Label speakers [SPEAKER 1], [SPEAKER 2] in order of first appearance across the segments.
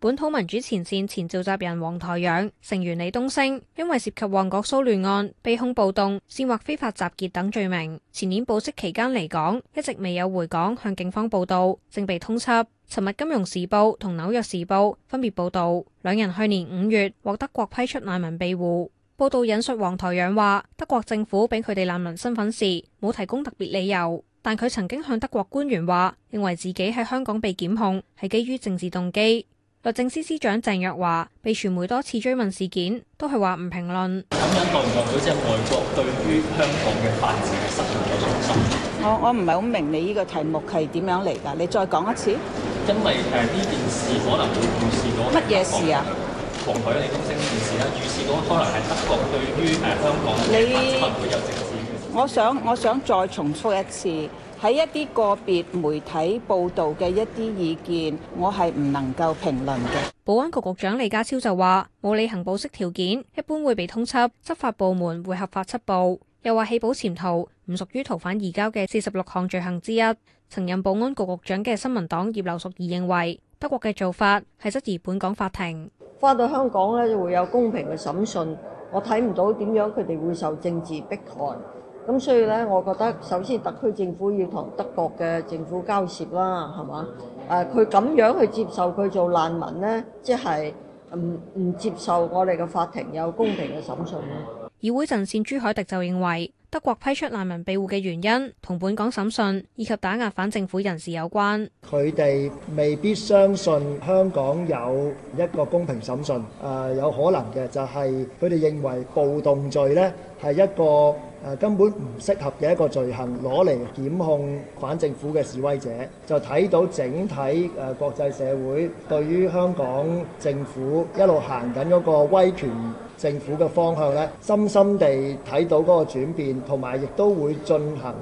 [SPEAKER 1] 本土民主前線前召集人黃台仰成員李東升，因為涉及旺角騷亂案，被控暴動、煽惑非法集結等罪名。前年保釋期間離港，一直未有回港向警方報到，正被通緝。尋日《金融時報》同《紐約時報》分別報道，兩人去年五月獲德國批出難民庇護。報道引述黃台仰話：德國政府俾佢哋難民身份時，冇提供特別理由，但佢曾經向德國官員話，認為自己喺香港被檢控係基於政治動機。律政司司長鄭若驊被傳媒多次追問事件，都係話唔評論。咁樣代唔代表
[SPEAKER 2] 即係外國對於香港嘅法治係
[SPEAKER 1] 失去信心？我我唔係好明
[SPEAKER 2] 你呢個題目係點樣嚟噶？你再講一次。因為誒呢、啊、件事可能會預示到乜嘢事啊？黃台仰李東昇呢件事咧，預示到可能係德國對於誒、啊、香港你可能會有政治。我想我想再重複一次。喺一啲個別媒體報道嘅一啲意見，我係唔能夠評論嘅。
[SPEAKER 1] 保安局局長李家超就話：冇履行保釋條件，一般會被通緝，執法部門會合法緝捕。又話棄保潛逃，唔屬於逃犯移交嘅四十六項罪行之一。曾任保安局局長嘅新民黨葉劉淑儀認為，德國嘅做法係質疑本港法庭。返到香港呢，就會有公平嘅審訊，我睇唔到點樣佢哋會受政治迫害。咁所以咧，我覺得首先特區政府要同德國嘅政府交涉啦，係嘛？誒，佢咁樣去接受佢做難民咧，即係唔唔接受我哋嘅法庭有公平嘅審訊咧。議會陣線朱凱廸就認為，德國批出難民庇護嘅原因，同本港審訊以及打壓反政府人士有關。
[SPEAKER 2] 佢哋未必相信香港有一個公平審訊，誒有可能嘅就係佢哋認為暴動罪咧係一個根本唔適合嘅一個罪行攞嚟檢控反政府嘅示威者，就睇到整體誒國際社會對於香港政府一路行緊嗰個威權政府嘅方向咧，深深地睇到嗰個轉變，同埋亦都會進行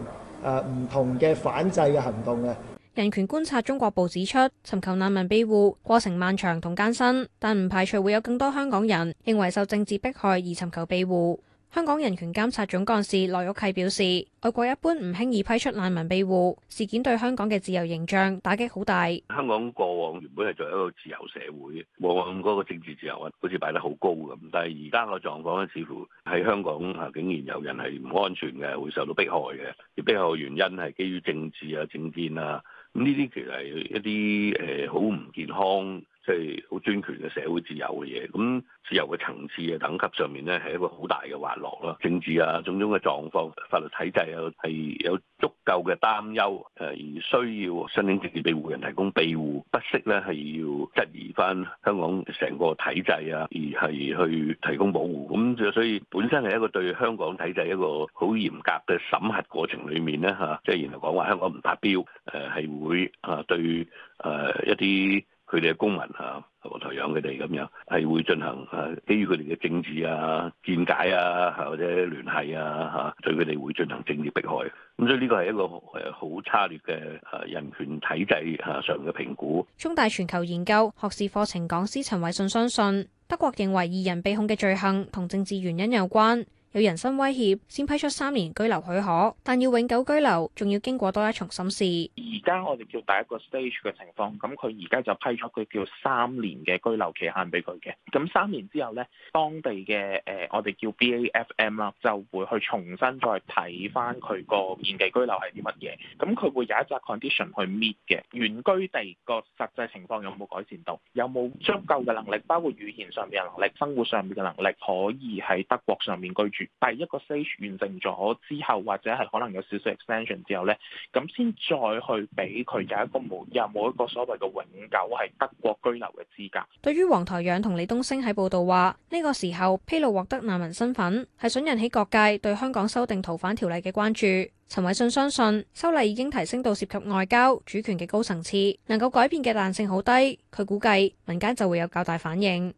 [SPEAKER 2] 誒唔同嘅反制嘅行動嘅。
[SPEAKER 1] 人權觀察中國部指出，尋求難民庇護過程漫長同艱辛，但唔排除會有更多香港人認為受政治迫害而尋求庇護。香港人權監察總幹事羅沃啟表示，外國一般唔輕易批出難民庇護，事件對香港嘅自由形象打擊好大。
[SPEAKER 3] 香港過往原本係作為一個自由社會，往往嗰個政治自由啊，好似擺得好高咁，但係而家個狀況咧，似乎喺香港吓竟然有人係唔安全嘅，會受到迫害嘅。而迫害嘅原因係基於政治啊、政見啊，咁呢啲其實係一啲誒好唔健康。即係好專權嘅社會自由嘅嘢，咁自由嘅層次啊等級上面咧係一個好大嘅滑落咯。政治啊，種種嘅狀況，法律體制啊，係有足夠嘅擔憂，誒、啊、而需要申請直接庇護人提供庇護，不惜咧係要質疑翻香港成個體制啊，而係去提供保護。咁就所以本身係一個對香港體制一個好嚴格嘅審核過程裡面咧嚇，即係原來講話香港唔達標，誒、啊、係會嚇對誒、啊、一啲。佢哋嘅公民啊，培養佢哋咁樣，係會進行啊，基於佢哋嘅政治啊、見解啊，或者聯繫啊，吓對佢哋會進行政治迫害。咁所以呢個係一個誒好差劣嘅誒人權體制吓上嘅評估。
[SPEAKER 1] 中大全球研究學士課程講師陳偉信相信，信，德國認為二人被控嘅罪行同政治原因有關。有人身威脅先批出三年居留許可，但要永久居留仲要經過多一重審視。
[SPEAKER 2] 而家我哋叫第一個 stage 嘅情況，咁佢而家就批出佢叫三年嘅居留期限俾佢嘅。咁三年之後咧，當地嘅誒、呃，我哋叫 B A F M 啦，就會去重新再睇翻佢個現地居留係啲乜嘢。咁佢會有一隻 condition 去 meet 嘅，原居地個實際情況有冇改善到，有冇足夠嘅能力，包括語言上面嘅能力、生活上面嘅能力，可以喺德國上面居。第一個 stage 完成咗之後，或者係可能有少少 extension 之後呢，咁先再去俾佢有一個冇任冇一個所謂嘅永久係德國居留嘅資格。
[SPEAKER 1] 對於黃台仰同李東昇喺報道話，呢、呢個時候披露獲得難民身份，係想引起各界對香港修訂逃犯條例嘅關注。陳偉信相信修例已經提升到涉及外交主權嘅高層次，能夠改變嘅彈性好低，佢估計民間就會有較大反應。